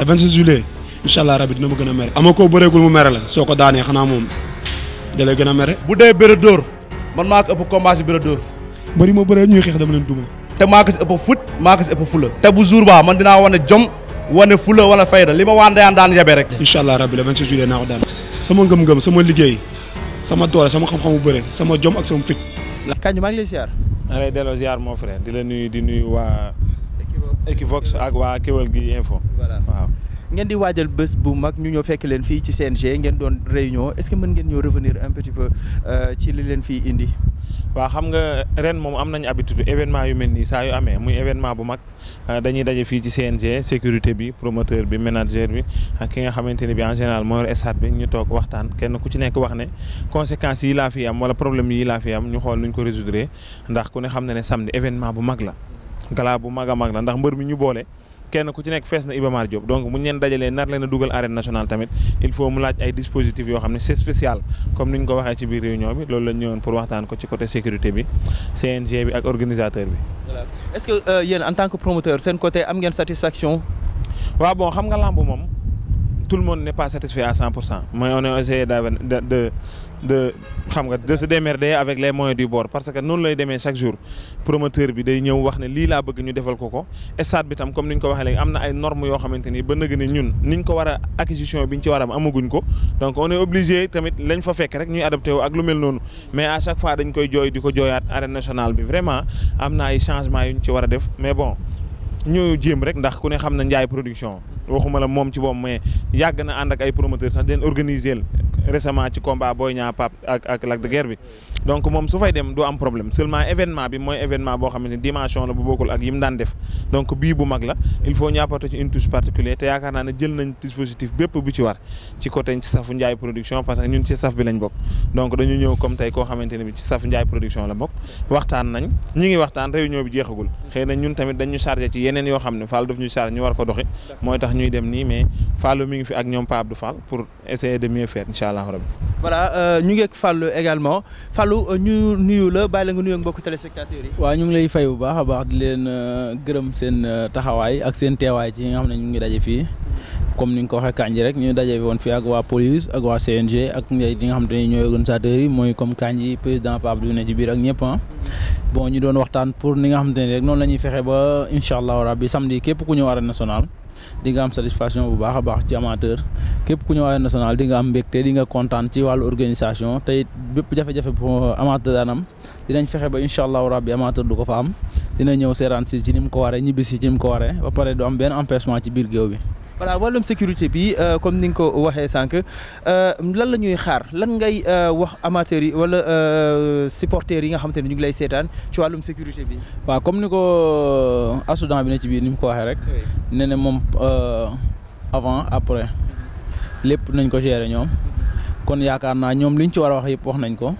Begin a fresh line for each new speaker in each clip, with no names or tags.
le 26 juillet incha allah rabi dina ma gën a mere ama koo bëreegul mu mere la soo ko daanee xanaa moom da lay gën a mere bu dee bëre dóor man maa ko ëpp combat si bëre dóor mbëri moo bëree
ñuy xeex dama leen duma
te maa ko si ëpp fut maa ko si ëpp fula te bu jour baa man dinaa wane jom wane fula wala fayda li ma waan dayaan daan yebee rek incha allah rabi le 26 juillet naa ko daan sama ngëm-ngëm sama liggéey sama doole sama xam-xamu bëre sama jom ak sama fit kañ maa ngi lay ziar maa ngi di la nuyu di nuyu
waa Equivox ak waa Kewel gi info. voilà waaw. ngeen di waajal bés bu mag ñu ñëw fekk leen fii ci CNG ngeen doon réunion est-ce que mën ngeen ñoo revenir un petit peu euh, ci
li leen fii indi. waa xam nga ren moom am nañu habitude événement yu mel nii saa yu amee muy événement bu mag euh, dañuy daje fii ci CNG sécurité bi promoteur bi manager bi ak ki nga xamante ne bi en général moo yor bi ñu toog waxtaan kenn ku ci nekk wax ne conséquences yi laa fi am wala problème yii laa fi am ñu xool nu ko résoudre ndax ku ne xam na ne samedi événement bu mag la. gala bu mag a mag la ndax mbër mi ñu boole kenn ku ci nekk fees na Iba Mar donc muñ leen dajalee nar leen a dugal arène nationale tamit il faut mu laaj ay dispositifs yoo xam ne c'est spécial comme ni ñu ko waxee ci biir réunion bi loolu la ñu ñëwoon pour waxtaan ko ci côté sécurité bi CNG bi ak organisateur bi.
est-ce que euh, yéen en tant que
promoteur seen côté am ngeen satisfaction. waaw bon xam nga lamb moom. tout le monde n'est pas satisfait à 100 pour cent mooy on a essayé de de de xam nga de se démerder avec les moyens du bord parce que noonu lay demee chaque jour promoteur bi day ñëw wax ne lii laa bëgg ñu defal ko ko stade bi tam comme ni ñu ko waxee léegi am na ay norme yoo xamante ni ba nëg ne ñun niñ ñu ko war a acquisition bi ñu ci war a am amaguñ ko donc on est obligé tamit lañ fa fekk rek ñuy adapté wu ak lu mel noonu mais à chaque fois dañ koy jooy di ko jooyaat arène bi vraiment am na ay changements yu ci war a def mais bon ñëw jéem rek ndax ku ne xam na Ndiaye production waxuma la moom ci boobu mais yàgg na ànd ak ay promoteurs sax di leen organiser récemment ci combat booy Niang Pape ak ak Lac de Guiers bi donc moom su fay dem du am problème seulement bi mooy événement boo xam ne dimension la bu bokkul ak yi mu daan def donc bii bu mag la il faut ñu ci une touche particulière te yaakaar naa ne jël nañ dispositif bépp bu ci war ci côté ci safu Ndiaye production parce que ñun ci saf bi lañ bokk donc dañu ñëw comme tey koo xamante ne bi ci safu Ndiaye production la bokk waxtaan nañ ñi ngi waxtaan réunion bi jeexagul xëy na ñun tamit dañu chargé ci yeneen yoo xam ne Fall daf ñu chargé ko doxi mooy tax ñuy dem nii mais Fallou mi ngi fi ak ñoom Pape Abdou Fall pour essayer de mieux faire
voilà euh, ñu ngi ak Fallou également Fallou euh, ñu nuyu la bàyyi la nga nuyu ak mbokku yi.
waa ñu ngi lay fay bu baax a baax di leen euh, gërëm seen taxawaay ak seen teewaay ci nga xam ne ñu ngi daje fii comme ni nga ko waxee Kandji rek ñu daje woon fii ak waa police ak waa CNG ak ñi nga xam te ne ñooy organisateurs yi mooy comme Kandji président Pape du ne ci biir ak ñëpp bo ah. bon ñu doon waxtaan pour ni nga xam te ne rek noonu la fexe ba incha allahu rabbi samedi képp ku ñëw arène nationale. di nga am satisfaction bu baax a baax ci amateur képp ku ñëw arène nationale di nga am mbégte di nga kontaan ci wàllu organisation tey bépp jafe-jafe bu amateur dinañ fexe ba incha allahu rabbi amateur du ko fa am dina ñëw seeraan si ci ni mu ko ware ñibbi si ci ni mu ko ware ba pare du am benn empêchement ci biir géew bi.
voilà wàllum sécurité bi euh, comme ni nga ko waxee sànq euh, lan la ñuy xaar lan ngay euh, wax amateurs yi wala
supporters yi nga xamante ne ñu ngi lay seetaan ci wàllum sécurité bi. waaw comme ni ko accident bi ne ci biir ni mu ko waxee rek. nee na moom avant après mhm. lépp nañ ko gérer ñoom. Mhm. kon yaakaar naa ñoom liñ ci war a wax yëpp wax nañ ko.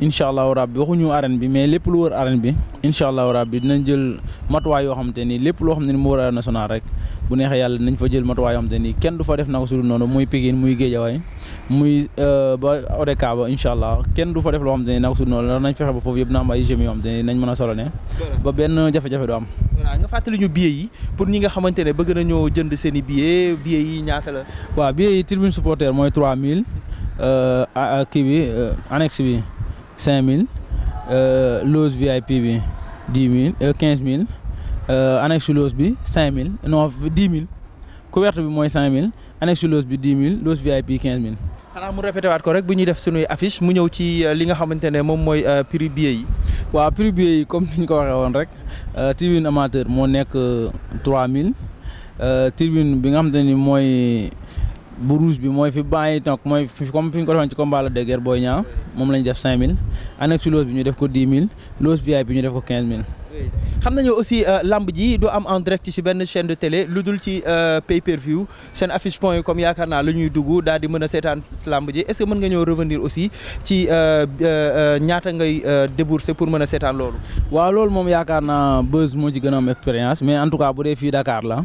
incha allahu rabbi waxuñu arène bi mais lépp lu wër arène bi incha allahu rabbi dinañ jël matuwaay yoo xam te ni lépp loo xam ne ni mu wër rek bu neexee yàlla dinañ fa jël matuwaay yoo xam te ni def naka sudul noonu muy Pikine muy Guédiawaye muy euh, ba Odeka allah kenn du fa def loo xam te ni naka nañ fexe ba foofu yëpp na am ay jeunes yoo a solo benn jafe-jafe nga fàttali ñu billets yi pour ñi nga xamante ne bëgg nañoo jënd seen i billets billets yi ñaata la waaw billets yi tribune supporter mooy 3000 euh, kii bi euh, annexe bi cinq mille euh, loge VIP bi dix mille euh, quinze mille euh, annexe loge bi cinq mille non dix mille couverte bi mooy cinq mille annexe loge bi dix mille loge VIP quinze mille. xanaa mu répété waat ko rek bu ñuy def suñuy affiche mu ñëw ci li nga xamante ne moom mooy prix bi yi. waaw prix bi yi comme ni ñu ko waxee woon rek tribune amateur moo nekk trois mille tribune bi nga xamante ni mooy. bu rouge bi mooy fi ban yi toog mooy fi comme fi ñu ko defoon ci combat la de guerre Boy Niang moom la ñu def 5000 annexe loose bi ñu def ko 10 000 loose VIP bi ñu def ko 15000.
xam nañu aussi euh, lamb ji du am en direct ci benn chaîne de télé lu dul ci euh, pay per view seen affiche point yi comme yaakaar naa la ñuy dugg daal di mën a seetaan lamb ji est ce que mën nga ñëw revenir aussi ci euh,
ñaata ngay débourser pour mën a seetaan loolu. waaw loolu moom yaakaar naa buzz moo ci gën a am expérience mais en tout cas bu dee fii Dakar la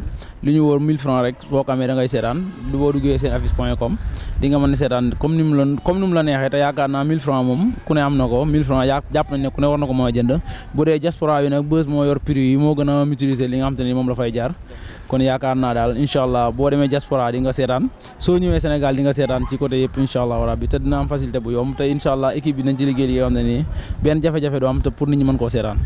lu ñu wóor 1000 francs rek boo ko amee da ngay seetaan du boo duggee seen affiche point com di nga mën a seetaan comme ni mu la comme ni mu la neexee te yaakaar naa 1000 francs moom ku ne am na ko 1000 francs jàpp nañ ne ku ne war na ko mën a jënd bu dee diaspora bi nag bës moo yor prix yi moo gën a utiliser li nga xam te ne moom la fay jaar kon yaakaar naa daal incha boo demee diaspora di nga seetaan soo ñëwee Sénégal di nga seetaan ci côté yëpp incha allah rabbi te dina am facilité bu yomb te incha allah équipe bi nañ ci liggéey li nga xam nii benn jafe-jafe du te pour nit ñi mën koo seetaan.